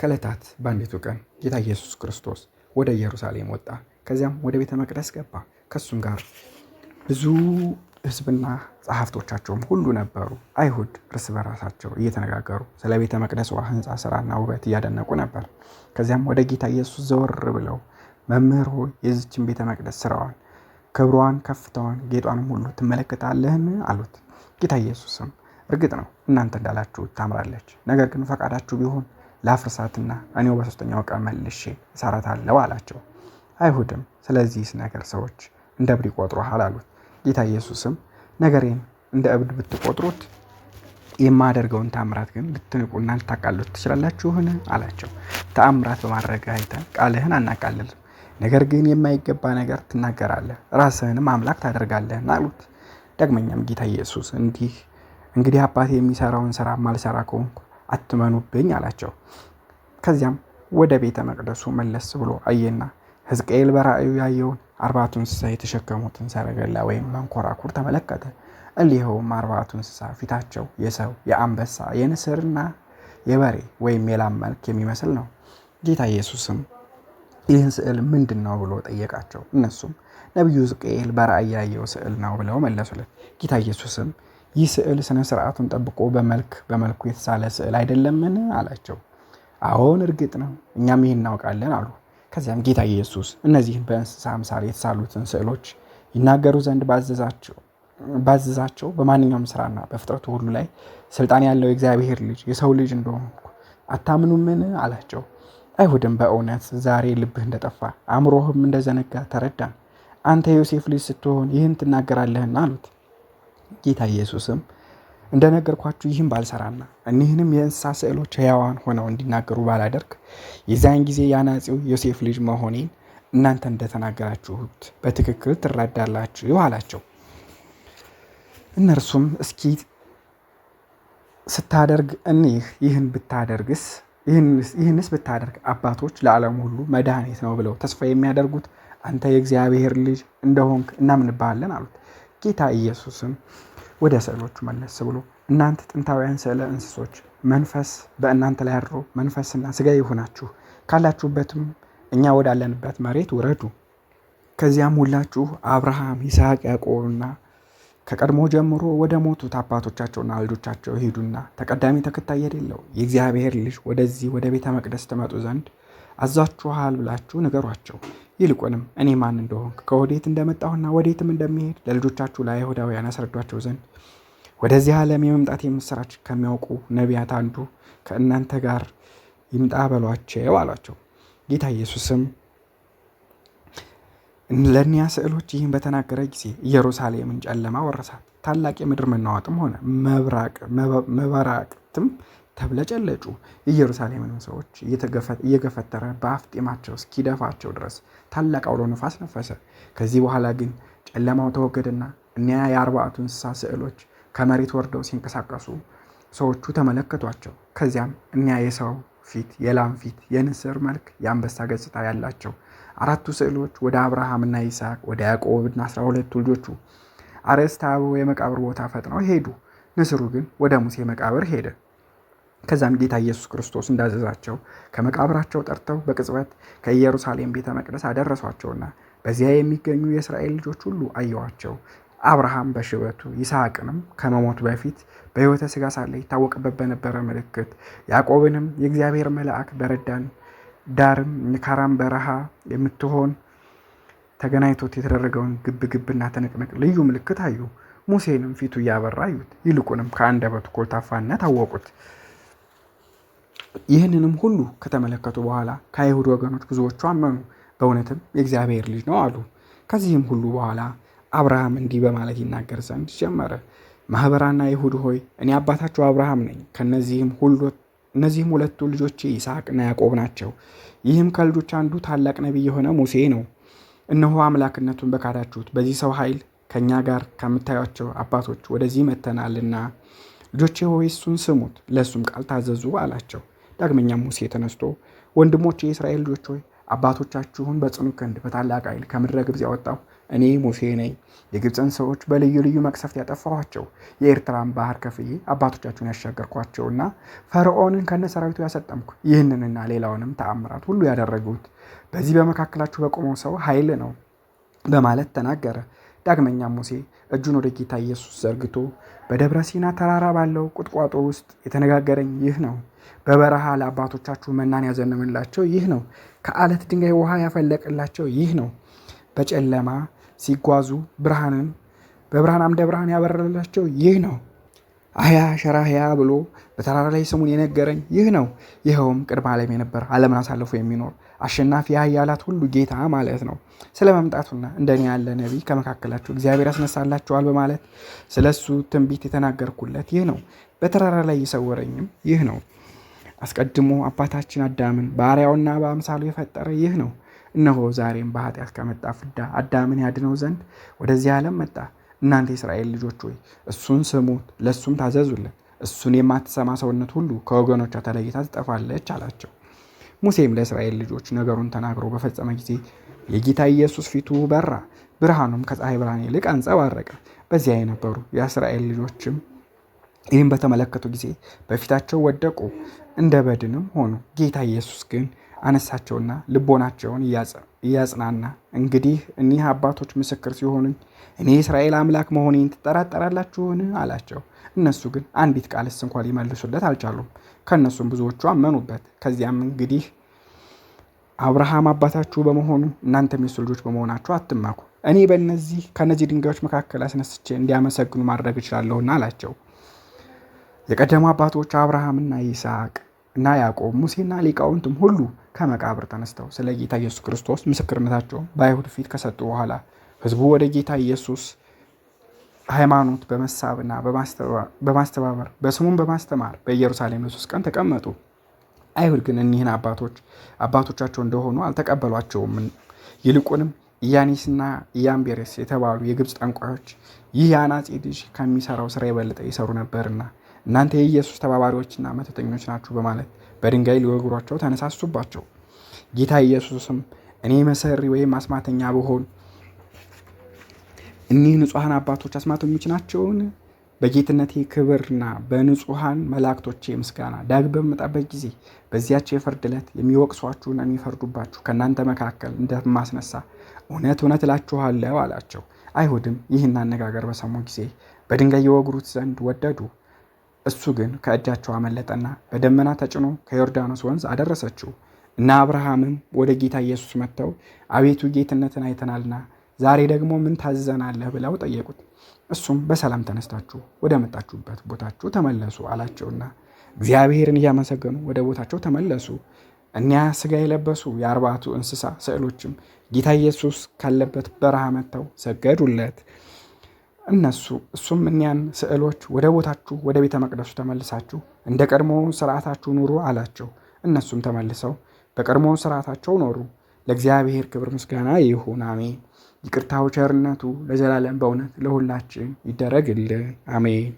ከዕለታት በአንዲቱ ቀን ጌታ ኢየሱስ ክርስቶስ ወደ ኢየሩሳሌም ወጣ። ከዚያም ወደ ቤተ መቅደስ ገባ። ከእሱም ጋር ብዙ ሕዝብና ጸሐፍቶቻቸውም ሁሉ ነበሩ። አይሁድ እርስ በራሳቸው እየተነጋገሩ ስለ ቤተ መቅደሷ ሕንፃ ስራና ውበት እያደነቁ ነበር። ከዚያም ወደ ጌታ ኢየሱስ ዘወር ብለው መምህር ሆይ የዚችን ቤተ መቅደስ ስራዋን፣ ክብሯን፣ ከፍታዋን፣ ጌጧንም ሁሉ ትመለከታለህን አሉት። ጌታ ኢየሱስም እርግጥ ነው እናንተ እንዳላችሁ ታምራለች። ነገር ግን ፈቃዳችሁ ቢሆን ላፍርሳትና እኔው በሶስተኛው ቀን መልሼ እሰራታለሁ አላቸው። አይሁድም ስለዚህስ ነገር ሰዎች እንደ እብድ ይቆጥሩሃል አሉት። ጌታ ኢየሱስም ነገሬን እንደ እብድ ብትቆጥሩት የማደርገውን ታምራት ግን ልትንቁና ልታቃሉት ትችላላችሁን? አላቸው። ተአምራት በማድረግ አይተን ቃልህን አናቃልልም፣ ነገር ግን የማይገባ ነገር ትናገራለህ፣ ራስህንም አምላክ ታደርጋለህ አሉት። ዳግመኛም ጌታ ኢየሱስ እንዲህ እንግዲህ አባቴ የሚሰራውን ስራ ማልሰራ ከሆንኩ አትመኑብኝ አላቸው። ከዚያም ወደ ቤተ መቅደሱ መለስ ብሎ አየና ሕዝቅኤል በራእዩ ያየውን አርባቱ እንስሳ የተሸከሙትን ሰረገላ ወይም መንኮራኩር ተመለከተ። እሊኸውም አርባቱ እንስሳ ፊታቸው የሰው፣ የአንበሳ፣ የንስርና የበሬ ወይም የላም መልክ የሚመስል ነው። ጌታ ኢየሱስም ይህን ስዕል ምንድን ነው ብሎ ጠየቃቸው። እነሱም ነቢዩ ሕዝቅኤል በራእይ ያየው ስዕል ነው ብለው መለሱለት። ጌታ ኢየሱስም ይህ ስዕል ስነ ስርዓቱን ጠብቆ በመልክ በመልኩ የተሳለ ስዕል አይደለምን አላቸው። አዎን እርግጥ ነው፣ እኛም ይህን እናውቃለን አሉ። ከዚያም ጌታ ኢየሱስ እነዚህን በእንስሳ አምሳል የተሳሉትን ስዕሎች ይናገሩ ዘንድ ባዘዛቸው ባዘዛቸው በማንኛውም ስራና በፍጥረቱ ሁሉ ላይ ስልጣን ያለው የእግዚአብሔር ልጅ የሰው ልጅ እንደሆንኩ አታምኑምን አላቸው። አይሁድም በእውነት ዛሬ ልብህ እንደጠፋ አእምሮህም እንደዘነጋ ተረዳን። አንተ ዮሴፍ ልጅ ስትሆን ይህን ትናገራለህን አሉት። ጌታ ኢየሱስም እንደነገርኳችሁ ይህም ባልሰራና እኒህንም የእንስሳ ስዕሎች ሕያዋን ሆነው እንዲናገሩ ባላደርግ የዚያን ጊዜ የአናጺው ዮሴፍ ልጅ መሆኔን እናንተ እንደተናገራችሁት በትክክል ትረዳላችሁ አላቸው። እነርሱም እስኪ ስታደርግ እኒህ ይህን ብታደርግስ ይህንስ ብታደርግ አባቶች ለዓለም ሁሉ መድኃኒት ነው ብለው ተስፋ የሚያደርጉት አንተ የእግዚአብሔር ልጅ እንደሆንክ እናምንባሃለን አሉት። ጌታ ኢየሱስም ወደ ስዕሎቹ መለስ ብሎ እናንተ ጥንታውያን ስዕለ እንስሶች መንፈስ በእናንተ ላይ አድሮ መንፈስና ስጋ ይሁናችሁ፣ ካላችሁበትም እኛ ወዳለንበት መሬት ውረዱ። ከዚያም ሁላችሁ አብርሃም፣ ይስሐቅ፣ ያዕቆብና ከቀድሞ ጀምሮ ወደ ሞቱት አባቶቻቸውና ልጆቻቸው ሄዱና ተቀዳሚ ተከታይ የሌለው የእግዚአብሔር ልጅ ወደዚህ ወደ ቤተ መቅደስ ትመጡ ዘንድ አዟችኋል ብላችሁ ንገሯቸው። ይልቁንም እኔ ማን እንደሆንክ ከወዴት እንደመጣሁና ወዴትም እንደሚሄድ ለልጆቻችሁ ለአይሁዳውያን ያስረዷቸው ዘንድ ወደዚህ ዓለም የመምጣት የምስራች ከሚያውቁ ነቢያት አንዱ ከእናንተ ጋር ይምጣ በሏቸው አሏቸው። ጌታ ኢየሱስም ለእኒያ ስዕሎች ይህን በተናገረ ጊዜ ኢየሩሳሌምን ጨለማ ወረሳት፣ ታላቅ የምድር መናወጥም ሆነ፣ መበራቅትም ተብለጨለጩ። ኢየሩሳሌምን ሰዎች እየገፈተረ በአፍጢማቸው እስኪደፋቸው ድረስ ታላቅ አውሎ ነፋስ ነፈሰ። ከዚህ በኋላ ግን ጨለማው ተወገደና እኒያ የአርባዕቱ እንስሳ ስዕሎች ከመሬት ወርደው ሲንቀሳቀሱ ሰዎቹ ተመለከቷቸው። ከዚያም እኒያ የሰው ፊት፣ የላም ፊት፣ የንስር መልክ፣ የአንበሳ ገጽታ ያላቸው አራቱ ስዕሎች ወደ አብርሃምና ይስሐቅ ወደ ያዕቆብና አስራ ሁለቱ ልጆቹ አርዕስተ አበው የመቃብር ቦታ ፈጥነው ሄዱ። ንስሩ ግን ወደ ሙሴ መቃብር ሄደ። ከዛም ጌታ ኢየሱስ ክርስቶስ እንዳዘዛቸው ከመቃብራቸው ጠርተው በቅጽበት ከኢየሩሳሌም ቤተ መቅደስ አደረሷቸውና በዚያ የሚገኙ የእስራኤል ልጆች ሁሉ አየዋቸው። አብርሃም በሽበቱ ይስሐቅንም ከመሞቱ በፊት በሕይወተ ሥጋ ሳለ ይታወቅበት በነበረ ምልክት ያዕቆብንም የእግዚአብሔር መልአክ በረዳን ዳርም የካራን በረሃ የምትሆን ተገናኝቶት የተደረገውን ግብግብና ትንቅንቅ ልዩ ምልክት አዩ። ሙሴንም ፊቱ እያበራ አዩት። ይልቁንም ከአንደበቱ ኮልታፋነት አወቁት። ይህንንም ሁሉ ከተመለከቱ በኋላ ከአይሁድ ወገኖች ብዙዎቹ አመኑ፣ በእውነትም የእግዚአብሔር ልጅ ነው አሉ። ከዚህም ሁሉ በኋላ አብርሃም እንዲህ በማለት ይናገር ዘንድ ጀመረ። ማኅበራና አይሁድ ሆይ እኔ አባታችሁ አብርሃም ነኝ። ሁሉ እነዚህም ሁለቱ ልጆቼ ይስሐቅና ያዕቆብ ናቸው። ይህም ከልጆች አንዱ ታላቅ ነቢይ የሆነ ሙሴ ነው። እነሆ አምላክነቱን በካዳችሁት በዚህ ሰው ኃይል ከእኛ ጋር ከምታዩቸው አባቶች ወደዚህ መጥተናልና ልጆቼ ሆይ እሱን ስሙት፣ ለእሱም ቃል ታዘዙ አላቸው። ዳግመኛም ሙሴ ተነስቶ ወንድሞች የእስራኤል ልጆች ሆይ አባቶቻችሁን በጽኑ ክንድ በታላቅ ኃይል ከምድረ ግብፅ ያወጣው እኔ ሙሴ ነኝ። የግብፅን ሰዎች በልዩ ልዩ መቅሰፍት ያጠፋኋቸው፣ የኤርትራን ባህር ከፍዬ አባቶቻችሁን ያሻገርኳቸውና ፈርዖንን ከነ ሰራዊቱ ያሰጠምኩ፣ ይህንንና ሌላውንም ተአምራት ሁሉ ያደረጉት በዚህ በመካከላችሁ በቆመው ሰው ኃይል ነው በማለት ተናገረ። ዳግመኛ ሙሴ እጁን ወደ ጌታ ኢየሱስ ዘርግቶ በደብረ ሲና ተራራ ባለው ቁጥቋጦ ውስጥ የተነጋገረኝ ይህ ነው። በበረሃ ለአባቶቻችሁ መናን ያዘንምላቸው ይህ ነው። ከአለት ድንጋይ ውሃ ያፈለቅላቸው ይህ ነው። በጨለማ ሲጓዙ ብርሃንን በብርሃን አምደ ብርሃን ያበረላቸው ይህ ነው። አህያ ሸራ ብሎ በተራራ ላይ ስሙን የነገረኝ ይህ ነው። ይኸውም ቅድመ ዓለም የነበረ ዓለምን አሳልፎ የሚኖር አሸናፊ ኃያላት ሁሉ ጌታ ማለት ነው። ስለ መምጣቱና እንደኔ ያለ ነቢይ ከመካከላችሁ እግዚአብሔር ያስነሳላችኋል በማለት ስለ እሱ ትንቢት የተናገርኩለት ይህ ነው። በተራራ ላይ የሰወረኝም ይህ ነው። አስቀድሞ አባታችን አዳምን በአርአያውና በአምሳሉ የፈጠረ ይህ ነው። እነሆ ዛሬም በኃጢአት ከመጣ ፍዳ አዳምን ያድነው ዘንድ ወደዚህ ዓለም መጣ። እናንተ የእስራኤል ልጆች ሆይ እሱን ስሙት፣ ለእሱም ታዘዙለት። እሱን የማትሰማ ሰውነት ሁሉ ከወገኖቿ ተለይታ ትጠፋለች አላቸው። ሙሴም ለእስራኤል ልጆች ነገሩን ተናግሮ በፈጸመ ጊዜ የጌታ ኢየሱስ ፊቱ በራ፣ ብርሃኑም ከፀሐይ ብርሃን ይልቅ አንጸባረቀ። በዚያ የነበሩ የእስራኤል ልጆችም ይህም በተመለከቱ ጊዜ በፊታቸው ወደቁ፣ እንደ በድንም ሆኑ። ጌታ ኢየሱስ ግን አነሳቸውና ልቦናቸውን እያጽናና እንግዲህ እኒህ አባቶች ምስክር ሲሆኑኝ እኔ የእስራኤል አምላክ መሆኔን ትጠራጠራላችሁን? አላቸው። እነሱ ግን አንዲት ቃልስ እንኳ ሊመልሱለት አልቻሉም። ከእነሱም ብዙዎቹ አመኑበት። ከዚያም እንግዲህ አብርሃም አባታችሁ በመሆኑ እናንተም የሱ ልጆች በመሆናችሁ አትመኩ፣ እኔ በነዚህ ከነዚህ ድንጋዮች መካከል አስነስቼ እንዲያመሰግኑ ማድረግ እችላለሁና አላቸው። የቀደሙ አባቶች አብርሃምና ይስሐቅ እና ያዕቆብ ሙሴና ሊቃውንትም ሁሉ ከመቃብር ተነስተው ስለ ጌታ ኢየሱስ ክርስቶስ ምስክርነታቸውን በአይሁድ ፊት ከሰጡ በኋላ ህዝቡ ወደ ጌታ ኢየሱስ ሃይማኖት በመሳብና በማስተባበር በስሙን በማስተማር በኢየሩሳሌም ለሶስት ቀን ተቀመጡ። አይሁድ ግን እኒህን አባቶች አባቶቻቸው እንደሆኑ አልተቀበሏቸውም። ይልቁንም ኢያኔስና ኢያምቤሬስ የተባሉ የግብፅ ጠንቋዮች ይህ የአናጺ ልጅ ከሚሰራው ስራ የበለጠ ይሰሩ ነበርና እናንተ የኢየሱስ ተባባሪዎችና መተተኞች ናችሁ በማለት በድንጋይ ሊወግሯቸው ተነሳሱባቸው። ጌታ ኢየሱስም እኔ መሰሪ ወይም አስማተኛ ብሆን እኒህ ንጹሐን አባቶች አስማተኞች ናቸውን? በጌትነቴ ክብርና በንጹሐን መላእክቶቼ ምስጋና ዳግ በምመጣበት ጊዜ በዚያቸው የፍርድ ዕለት የሚወቅሷችሁና የሚፈርዱባችሁ ከእናንተ መካከል እንደማስነሳ እውነት እውነት እላችኋለሁ አላቸው። አይሁድም ይህን አነጋገር በሰሙ ጊዜ በድንጋይ የወግሩት ዘንድ ወደዱ። እሱ ግን ከእጃቸው አመለጠና በደመና ተጭኖ ከዮርዳኖስ ወንዝ አደረሰችው። እነ አብርሃምም ወደ ጌታ ኢየሱስ መጥተው አቤቱ ጌትነትን አይተናልና ዛሬ ደግሞ ምን ታዘናለህ ብለው ጠየቁት። እሱም በሰላም ተነስታችሁ ወደ መጣችሁበት ቦታችሁ ተመለሱ አላቸውና እግዚአብሔርን እያመሰገኑ ወደ ቦታቸው ተመለሱ። እኒያ ስጋ የለበሱ የአርባቱ እንስሳ ስዕሎችም ጌታ ኢየሱስ ካለበት በረሃ መጥተው ሰገዱለት። እነሱ እሱም እኒያን ስዕሎች ወደ ቦታችሁ ወደ ቤተ መቅደሱ ተመልሳችሁ እንደ ቀድሞ ስርዓታችሁ ኑሩ አላቸው። እነሱም ተመልሰው በቀድሞ ስርዓታቸው ኖሩ። ለእግዚአብሔር ክብር ምስጋና ይሁን፣ አሜን። ይቅርታው ቸርነቱ ለዘላለም በእውነት ለሁላችን ይደረግልን፣ አሜን።